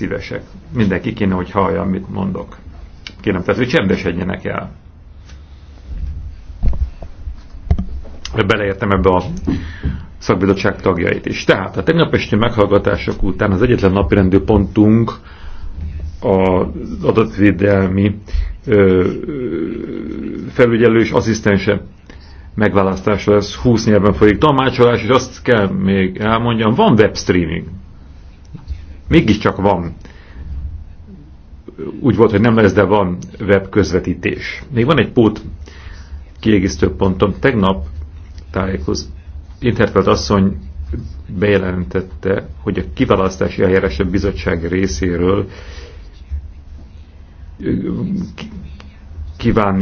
szívesek. Mindenki kéne, hogy hallja, amit mondok. Kérem, tehát, hogy csendesedjenek el. Beleértem ebbe a szakbizottság tagjait is. Tehát a tegnap esti meghallgatások után az egyetlen napirendő pontunk az adatvédelmi ö, felügyelő és asszisztense megválasztása lesz 20 nyelven folyik tanácsolás, és azt kell még elmondjam, van webstreaming mégiscsak van. Úgy volt, hogy nem lesz, de van web közvetítés. Még van egy pót kiegészítő pontom. Tegnap tájékoz Interfeld asszony bejelentette, hogy a kiválasztási eljárás bizottság részéről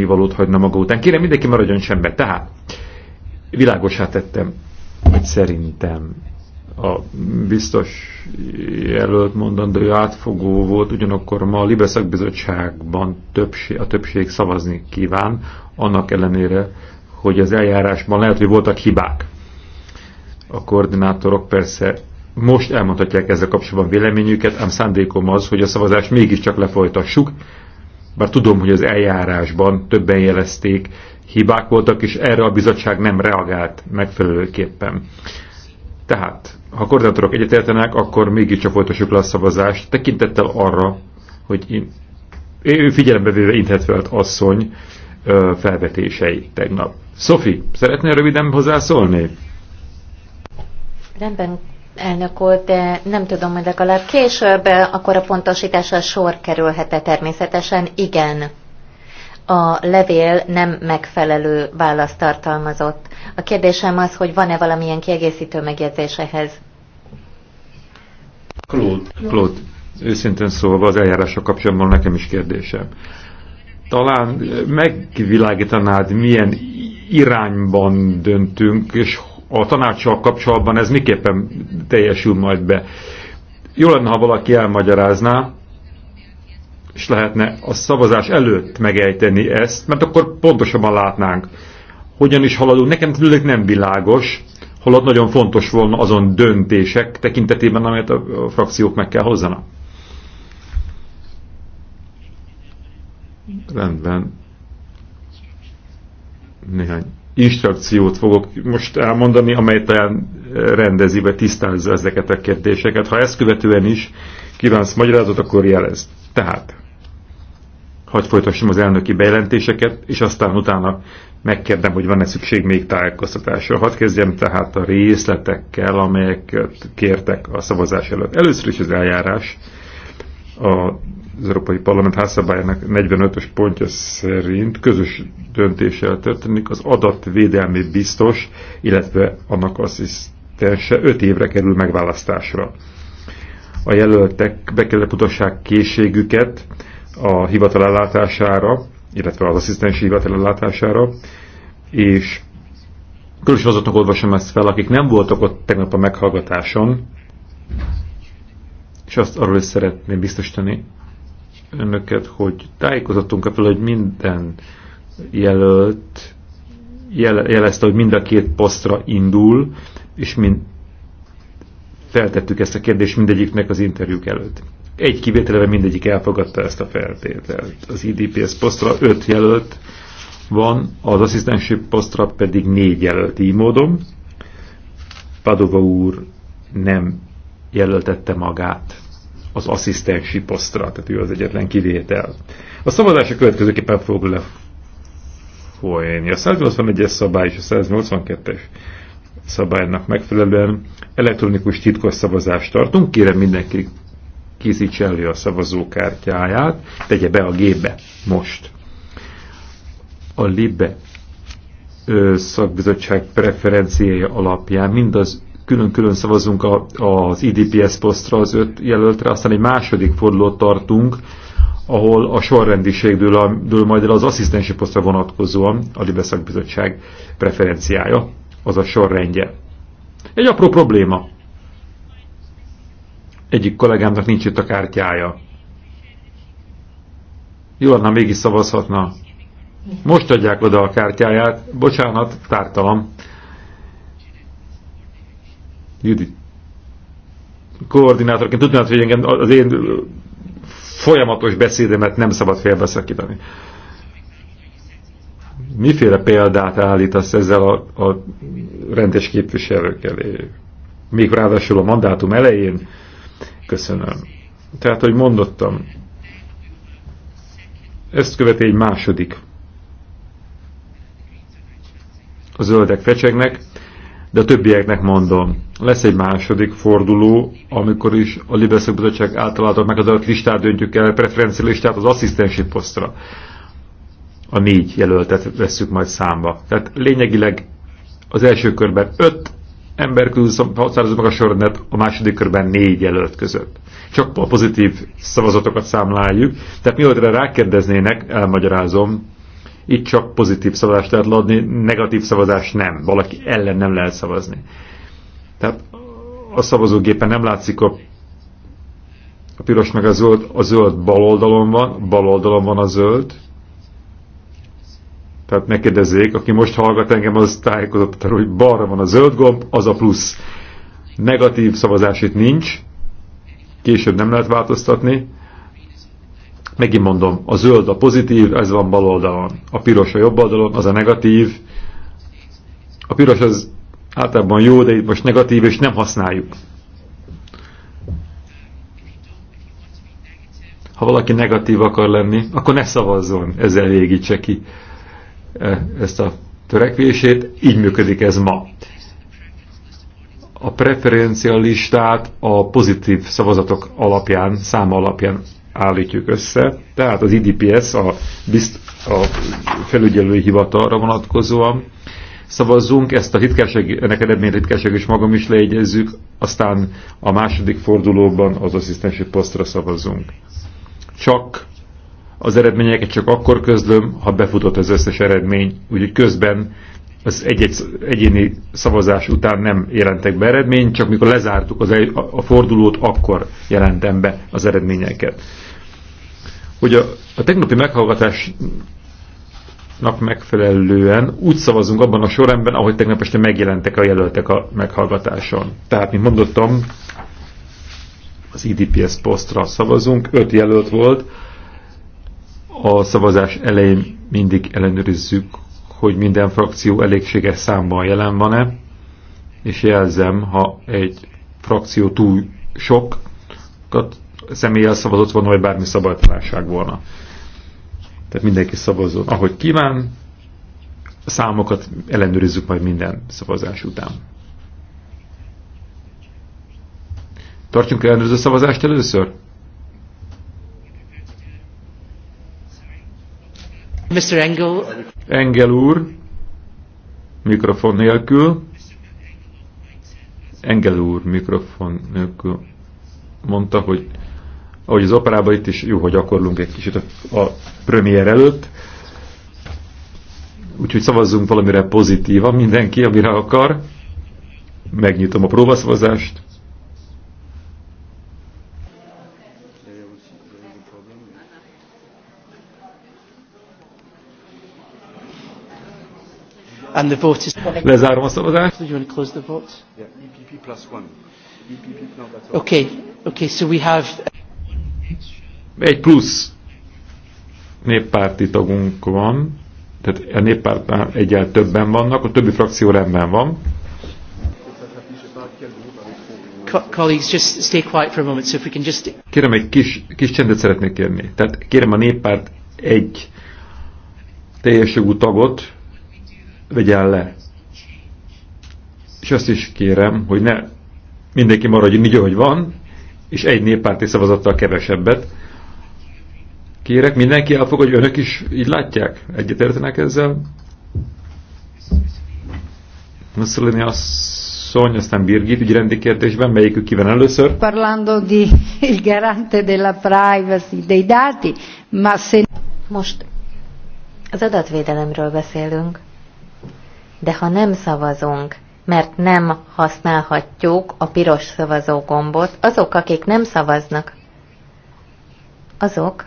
valót hagyna maga után. Kérem, mindenki maradjon sembe. Tehát világosá tettem, hogy szerintem a biztos jelölt mondandója átfogó volt, ugyanakkor ma a Libeszak Bizottságban többség, a többség szavazni kíván, annak ellenére, hogy az eljárásban lehet, hogy voltak hibák. A koordinátorok persze most elmondhatják ezzel kapcsolatban véleményüket, ám szándékom az, hogy a szavazást mégiscsak lefolytassuk, bár tudom, hogy az eljárásban többen jelezték, hibák voltak, és erre a bizottság nem reagált megfelelőképpen. Tehát, ha a koordinátorok egyetértenek, akkor mégiscsak folytassuk le a szavazást, tekintettel arra, hogy én, ő figyelembe véve Inthetfeld asszony ö, felvetései tegnap. Szofi, szeretnél röviden hozzászólni? Rendben, elnök úr, de nem tudom, hogy legalább később, akkor a pontosításra sor kerülhet-e természetesen? Igen a levél nem megfelelő választ tartalmazott. A kérdésem az, hogy van-e valamilyen kiegészítő megjegyzés ehhez? Claude, Claude, őszintén szólva az eljárásra kapcsolatban nekem is kérdésem. Talán megvilágítanád, milyen irányban döntünk, és a tanácssal kapcsolatban ez miképpen teljesül majd be. Jó lenne, ha valaki elmagyarázná, és lehetne a szavazás előtt megejteni ezt, mert akkor pontosabban látnánk, hogyan is haladunk. Nekem tűnik nem világos, holott nagyon fontos volna azon döntések tekintetében, amelyet a frakciók meg kell hozzanak. Rendben. Néhány instrukciót fogok most elmondani, amely talán rendezi, vagy tisztázza ezeket a kérdéseket. Ha ezt követően is kívánsz magyarázat, akkor jelezd. Tehát, hagyd folytassam az elnöki bejelentéseket, és aztán utána megkérdem, hogy van-e szükség még tájékoztatásra. Hadd kezdjem tehát a részletekkel, amelyeket kértek a szavazás előtt. Először is az eljárás az Európai Parlament házszabályának 45-ös pontja szerint közös döntéssel történik az adatvédelmi biztos, illetve annak asszisztense 5 évre kerül megválasztásra. A jelöltek be kellett utassák készségüket, a hivatal ellátására, illetve az asszisztensi hivatal ellátására, és különösen azoknak olvasom ezt fel, akik nem voltak ott tegnap a meghallgatáson, és azt arról is szeretném biztosítani önöket, hogy tájékozottunk ebből, hogy minden jelölt jel, jelezte, hogy mind a két posztra indul, és mind feltettük ezt a kérdést mindegyiknek az interjúk előtt egy kivételben mindegyik elfogadta ezt a feltételt. Az IDPS posztra öt jelölt van, az asszisztensi posztra pedig négy jelölt így módon. Padova úr nem jelöltette magát az asszisztensi posztra, tehát ő az egyetlen kivétel. A szavazás a következőképpen fog folyni. A 181-es szabály és a 182-es szabálynak megfelelően elektronikus titkos szavazást tartunk. Kérem mindenki készítse elő a szavazókártyáját, tegye be a gépbe most. A LIBE szakbizottság preferenciája alapján mindaz külön-külön szavazunk a, az IDPS posztra az öt jelöltre, aztán egy második fordulót tartunk, ahol a sorrendiség dől, a, dől majd el az asszisztensi posztra vonatkozóan a LIBE szakbizottság preferenciája, az a sorrendje. Egy apró probléma egyik kollégámnak nincs itt a kártyája. Jó lenne, mégis szavazhatna. Most adják oda a kártyáját. Bocsánat, tártalom. Judit. Koordinátorként tudnád, hogy engem az én folyamatos beszédemet nem szabad félbeszakítani. Miféle példát állítasz ezzel a, a rendes képviselők elé? Még ráadásul a mandátum elején Köszönöm. Tehát, hogy mondottam, ezt követi egy második. A zöldek fecsegnek, de a többieknek mondom. Lesz egy második forduló, amikor is a Libeszek Bizottság által által megadott listát döntjük el, preferenci listát az asszisztensi posztra. A négy jelöltet vesszük majd számba. Tehát lényegileg az első körben öt ember közül meg a sorrendet a második körben négy jelölt között. Csak a pozitív szavazatokat számláljuk, tehát mi mióta rákérdeznének, elmagyarázom, itt csak pozitív szavazást lehet adni, negatív szavazás nem, valaki ellen nem lehet szavazni. Tehát a szavazógépen nem látszik a, a piros meg a zöld, a zöld bal oldalon van, bal oldalon van a zöld, tehát megkérdezzék, aki most hallgat engem, az tájékozott, hogy balra van a zöld gomb, az a plusz. Negatív szavazás itt nincs, később nem lehet változtatni. Megint mondom, a zöld a pozitív, ez van bal oldalon. A piros a jobb oldalon, az a negatív. A piros az általában jó, de itt most negatív, és nem használjuk. Ha valaki negatív akar lenni, akkor ne szavazzon, ezzel végítse ki. E, ezt a törekvését, így működik ez ma. A preferencialistát a pozitív szavazatok alapján, száma alapján állítjuk össze, tehát az IDPS, a, bizt, a felügyelői hivatalra vonatkozóan szavazzunk, ezt a titkárság, ennek eredmény titkárság és magam is leegyezzük, aztán a második fordulóban az asszisztensi posztra szavazunk. Csak az eredményeket csak akkor közlöm, ha befutott az összes eredmény, úgyhogy közben az egy-egy egyéni szavazás után nem jelentek be eredmény, csak mikor lezártuk az egy, a fordulót, akkor jelentem be az eredményeket. Hogy a, a tegnapi meghallgatásnak megfelelően úgy szavazunk abban a sorrendben, ahogy tegnap este megjelentek a jelöltek a meghallgatáson. Tehát, mint mondottam, az IDPS posztra szavazunk, öt jelölt volt, a szavazás elején mindig ellenőrizzük, hogy minden frakció elégséges számban jelen van-e, és jelzem, ha egy frakció túl sok, személyel szavazott volna, vagy bármi szabadság volna. Tehát mindenki szavazzon, ahogy kíván, a számokat ellenőrizzük majd minden szavazás után. Tartjunk ellenőrző szavazást először? Mr. Engel. Engel úr, mikrofon nélkül. Engel úr, mikrofon nélkül mondta, hogy ahogy az operában itt is jó, hogy gyakorlunk egy kicsit a, a premier előtt. Úgyhogy szavazzunk valamire pozitívan mindenki, amire akar. Megnyitom a próbaszavazást. And the vote is... Lezárom a szavazást. So you want to close the vote? Yeah, EPP plus one. EPP, no, that's Okay, okay, so we have... Egy plusz néppárti tagunk van, tehát a néppártnál egyel többen vannak, a többi frakció rendben van. Kérem, egy kis, kis csendet szeretnék kérni. Tehát kérem a néppárt egy teljes jogú tagot, vegyen le. És azt is kérem, hogy ne mindenki maradjon így, ahogy van, és egy néppárti szavazattal kevesebbet. Kérek, mindenki elfogadja, önök is így látják? Egyetértenek ezzel? Mussolini asszony, aztán Birgit rendi kérdésben, melyikük kiven először? Parlando di il garante della privacy dei dati, ma se... Most az adatvédelemről beszélünk de ha nem szavazunk, mert nem használhatjuk a piros szavazógombot, azok, akik nem szavaznak, azok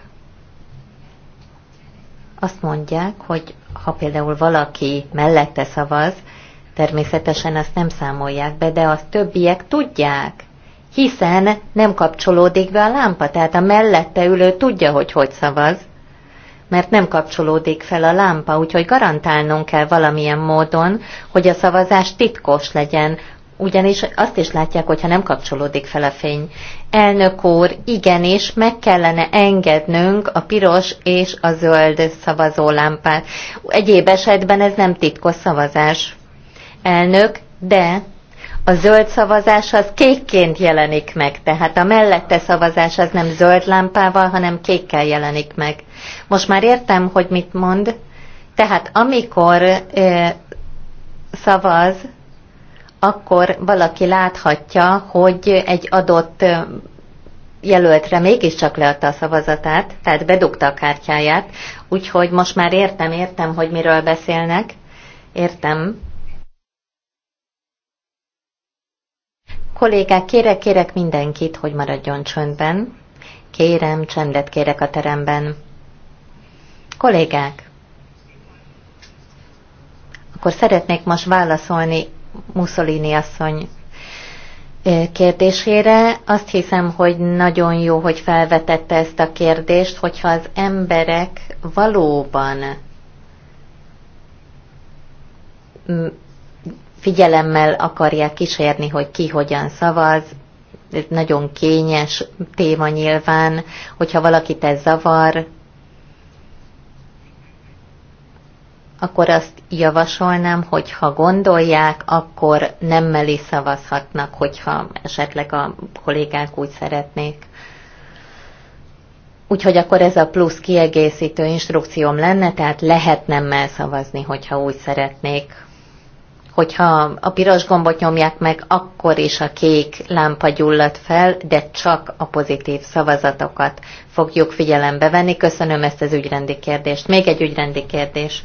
azt mondják, hogy ha például valaki mellette szavaz, természetesen azt nem számolják be, de azt többiek tudják, hiszen nem kapcsolódik be a lámpa, tehát a mellette ülő tudja, hogy hogy szavaz mert nem kapcsolódik fel a lámpa, úgyhogy garantálnunk kell valamilyen módon, hogy a szavazás titkos legyen, ugyanis azt is látják, hogyha nem kapcsolódik fel a fény. Elnök úr, igenis, meg kellene engednünk a piros és a zöld szavazólámpát. Egyéb esetben ez nem titkos szavazás. Elnök, de a zöld szavazás az kékként jelenik meg, tehát a mellette szavazás az nem zöld lámpával, hanem kékkel jelenik meg. Most már értem, hogy mit mond. Tehát amikor ö, szavaz, akkor valaki láthatja, hogy egy adott jelöltre mégiscsak leadta a szavazatát, tehát bedugta a kártyáját, úgyhogy most már értem, értem, hogy miről beszélnek, értem, Kollégák, kérek, kérek mindenkit, hogy maradjon csöndben. Kérem, csendet kérek a teremben. Kollégák, akkor szeretnék most válaszolni Mussolini asszony kérdésére. Azt hiszem, hogy nagyon jó, hogy felvetette ezt a kérdést, hogyha az emberek valóban figyelemmel akarják kísérni, hogy ki hogyan szavaz. Ez nagyon kényes téma nyilván, hogyha valakit ez zavar, akkor azt javasolnám, hogy ha gondolják, akkor nem mellé szavazhatnak, hogyha esetleg a kollégák úgy szeretnék. Úgyhogy akkor ez a plusz kiegészítő instrukcióm lenne, tehát lehet nem szavazni, hogyha úgy szeretnék hogyha a piros gombot nyomják meg, akkor is a kék lámpa gyullad fel, de csak a pozitív szavazatokat fogjuk figyelembe venni. Köszönöm ezt az ügyrendi kérdést. Még egy ügyrendi kérdés.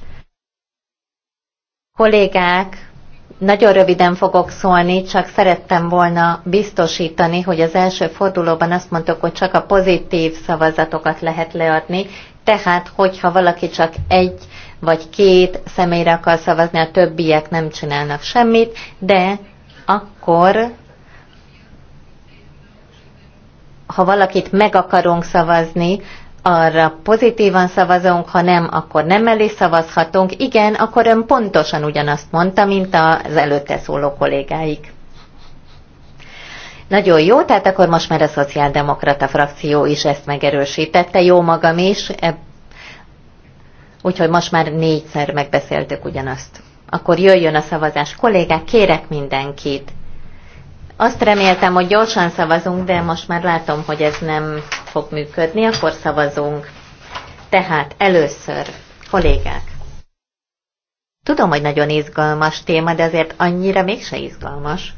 Kollégák, nagyon röviden fogok szólni, csak szerettem volna biztosítani, hogy az első fordulóban azt mondtuk, hogy csak a pozitív szavazatokat lehet leadni, tehát hogyha valaki csak egy vagy két személyre akar szavazni, a többiek nem csinálnak semmit, de akkor ha valakit meg akarunk szavazni, arra pozitívan szavazunk, ha nem, akkor nem elé szavazhatunk. Igen, akkor ön pontosan ugyanazt mondta, mint az előtte szóló kollégáik. Nagyon jó, tehát akkor most már a szociáldemokrata frakció is ezt megerősítette, jó magam is, Úgyhogy most már négyszer megbeszéltük ugyanazt. Akkor jöjjön a szavazás. Kollégák, kérek mindenkit. Azt reméltem, hogy gyorsan szavazunk, de most már látom, hogy ez nem fog működni, akkor szavazunk. Tehát először, kollégák, tudom, hogy nagyon izgalmas téma, de azért annyira mégse izgalmas.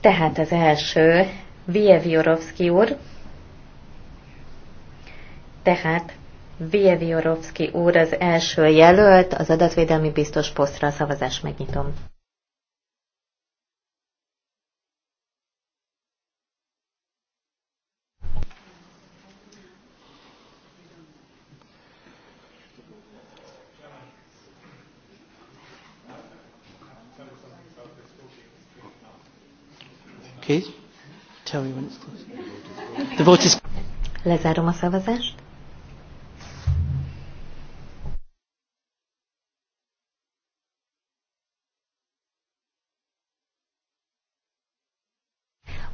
Tehát az első, Viev Jorovszki úr, tehát Orovszki úr az első jelölt, az adatvédelmi biztos posztra a szavazás megnyitom. Okay. Tell me when it's closed. The vote is... Lezárom a szavazást.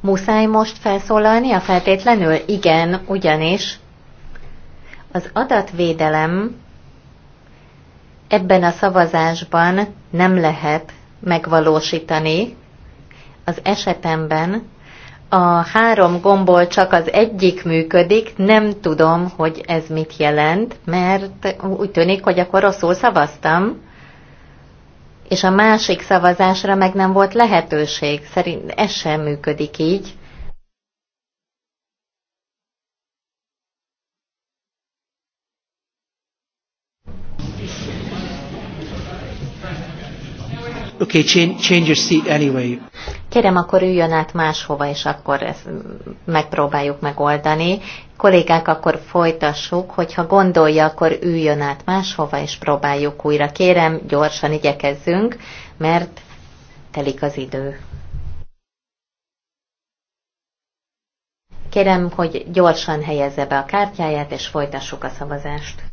Muszáj most felszólalnia feltétlenül? Igen, ugyanis az adatvédelem ebben a szavazásban nem lehet megvalósítani. Az esetemben a három gomból csak az egyik működik, nem tudom, hogy ez mit jelent, mert úgy tűnik, hogy akkor rosszul szavaztam és a másik szavazásra meg nem volt lehetőség. Szerint ez sem működik így. Okay, change, change your seat anyway. Kérem, akkor üljön át máshova, és akkor ezt megpróbáljuk megoldani. Kollégák, akkor folytassuk, hogyha gondolja, akkor üljön át máshova, és próbáljuk újra. Kérem, gyorsan igyekezzünk, mert telik az idő. Kérem, hogy gyorsan helyezze be a kártyáját, és folytassuk a szavazást.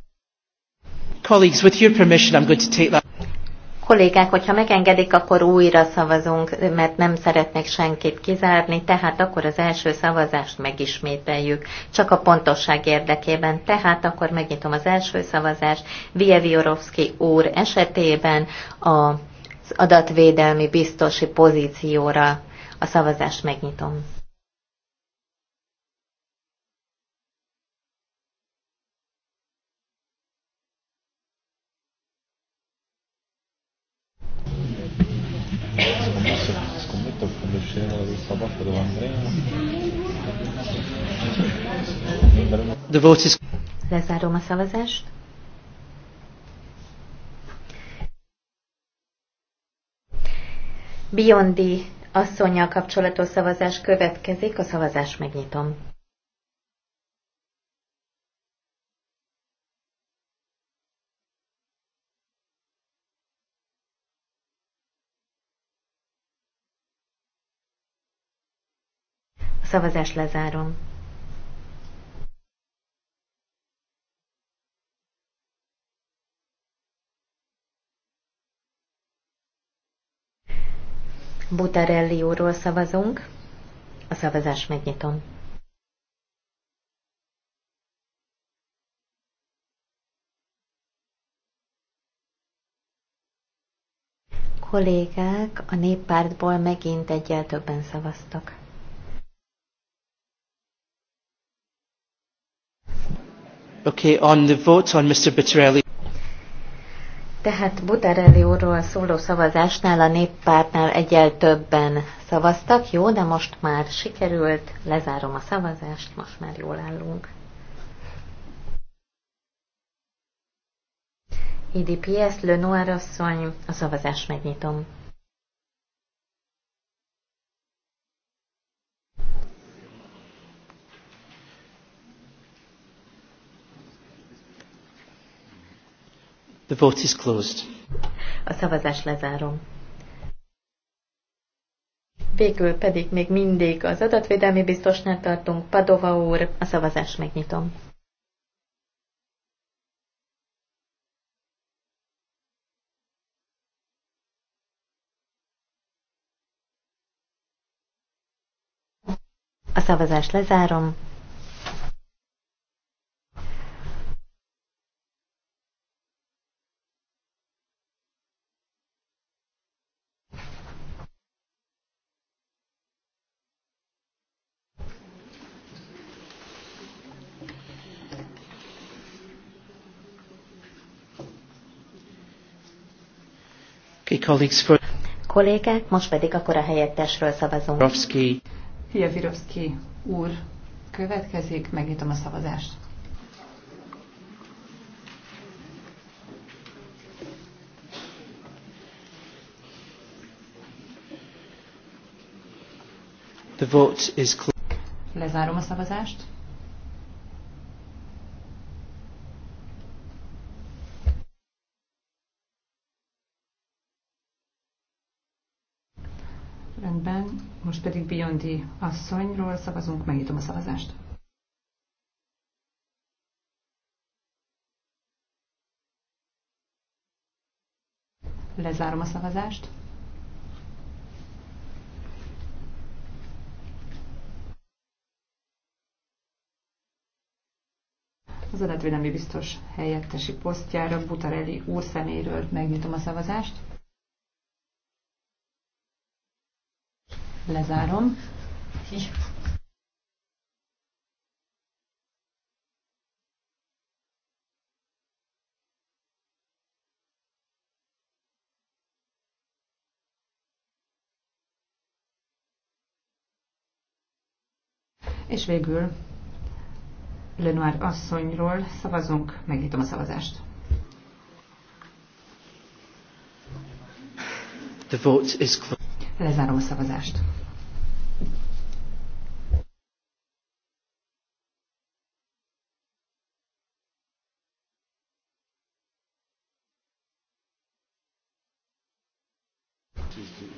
Colleagues, with your permission, I'm going to take that. Kollégák, hogyha megengedik, akkor újra szavazunk, mert nem szeretnék senkit kizárni, tehát akkor az első szavazást megismételjük, csak a pontosság érdekében. Tehát akkor megnyitom az első szavazást Vievi úr esetében az adatvédelmi biztosi pozícióra. A szavazást megnyitom. Lezárom a szavazást. Biondi asszonyjal kapcsolatos szavazás következik, a szavazást megnyitom. A szavazást lezárom. Butarelli úrról szavazunk. A szavazás megnyitom. Kollégák a néppártból megint egyel többen szavaztak. Okay, on the vote on Mr. Buttarelli. Tehát Butarelli úrról szóló szavazásnál a néppártnál egyel többen szavaztak, jó, de most már sikerült, lezárom a szavazást, most már jól állunk. IDPS, Le Noir asszony, a szavazást megnyitom. The vote is closed. A szavazás lezárom. Végül pedig még mindig az adatvédelmi biztosnál tartunk. Padova úr, a szavazást megnyitom. A szavazást lezárom. colleagues for... Kollégák, most pedig akkor a helyettesről szavazunk. Virovsky. Fia Virovsky úr következik, megnyitom a szavazást. The vote is Lezárom a szavazást. Gerondi asszonyról szavazunk, megnyitom a szavazást. Lezárom a szavazást. Az adatvédelmi biztos helyettesi posztjára Butareli úr szeméről megnyitom a szavazást. lezárom. És végül Lenoir asszonyról szavazunk, megnyitom a szavazást. The vote is closed. Lezárom a szavazást.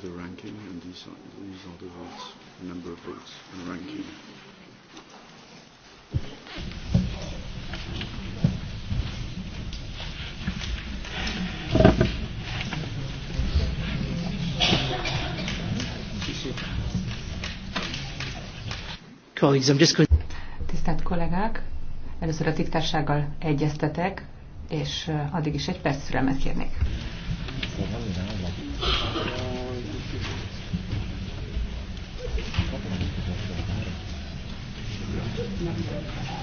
the ranking and these are, these are the votes, number of votes and ranking. Colleagues, I'm just going... Tisztelt kollégák, először a titkársággal egyeztetek, és uh, addig is egy perc türelmet kérnék. Thank you.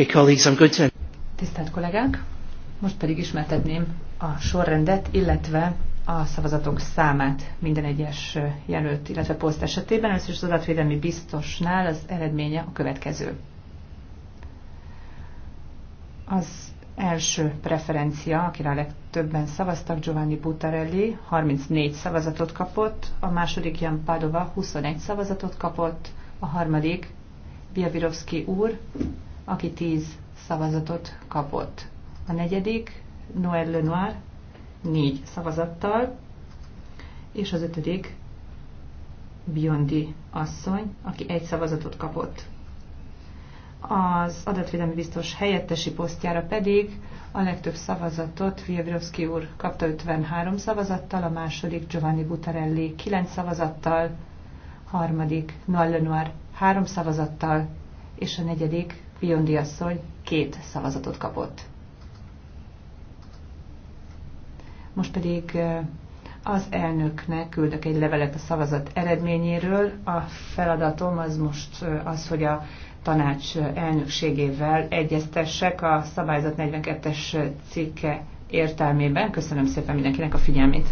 Okay, colleagues, I'm going to... Tisztelt kollégák, most pedig ismertetném a sorrendet, illetve a szavazatok számát minden egyes jelölt, illetve poszt esetében. Először az adatvédelmi biztosnál az eredménye a következő. Az első preferencia, akire a legtöbben szavaztak, Giovanni Buttarelli 34 szavazatot kapott, a második Jan Padova 21 szavazatot kapott, a harmadik Biavirovski úr aki 10 szavazatot kapott. A negyedik, Noël Lenoir, 4 szavazattal, és az ötödik, Biondi asszony, aki egy szavazatot kapott. Az adatvédelmi biztos helyettesi posztjára pedig a legtöbb szavazatot Fievrovszki úr kapta 53 szavazattal, a második Giovanni Butarelli 9 szavazattal, harmadik Noël Lenoir 3 szavazattal, és a negyedik Biondi asszony két szavazatot kapott. Most pedig az elnöknek küldök egy levelet a szavazat eredményéről. A feladatom az most az, hogy a tanács elnökségével egyeztessek a szabályzat 42-es cikke értelmében. Köszönöm szépen mindenkinek a figyelmét.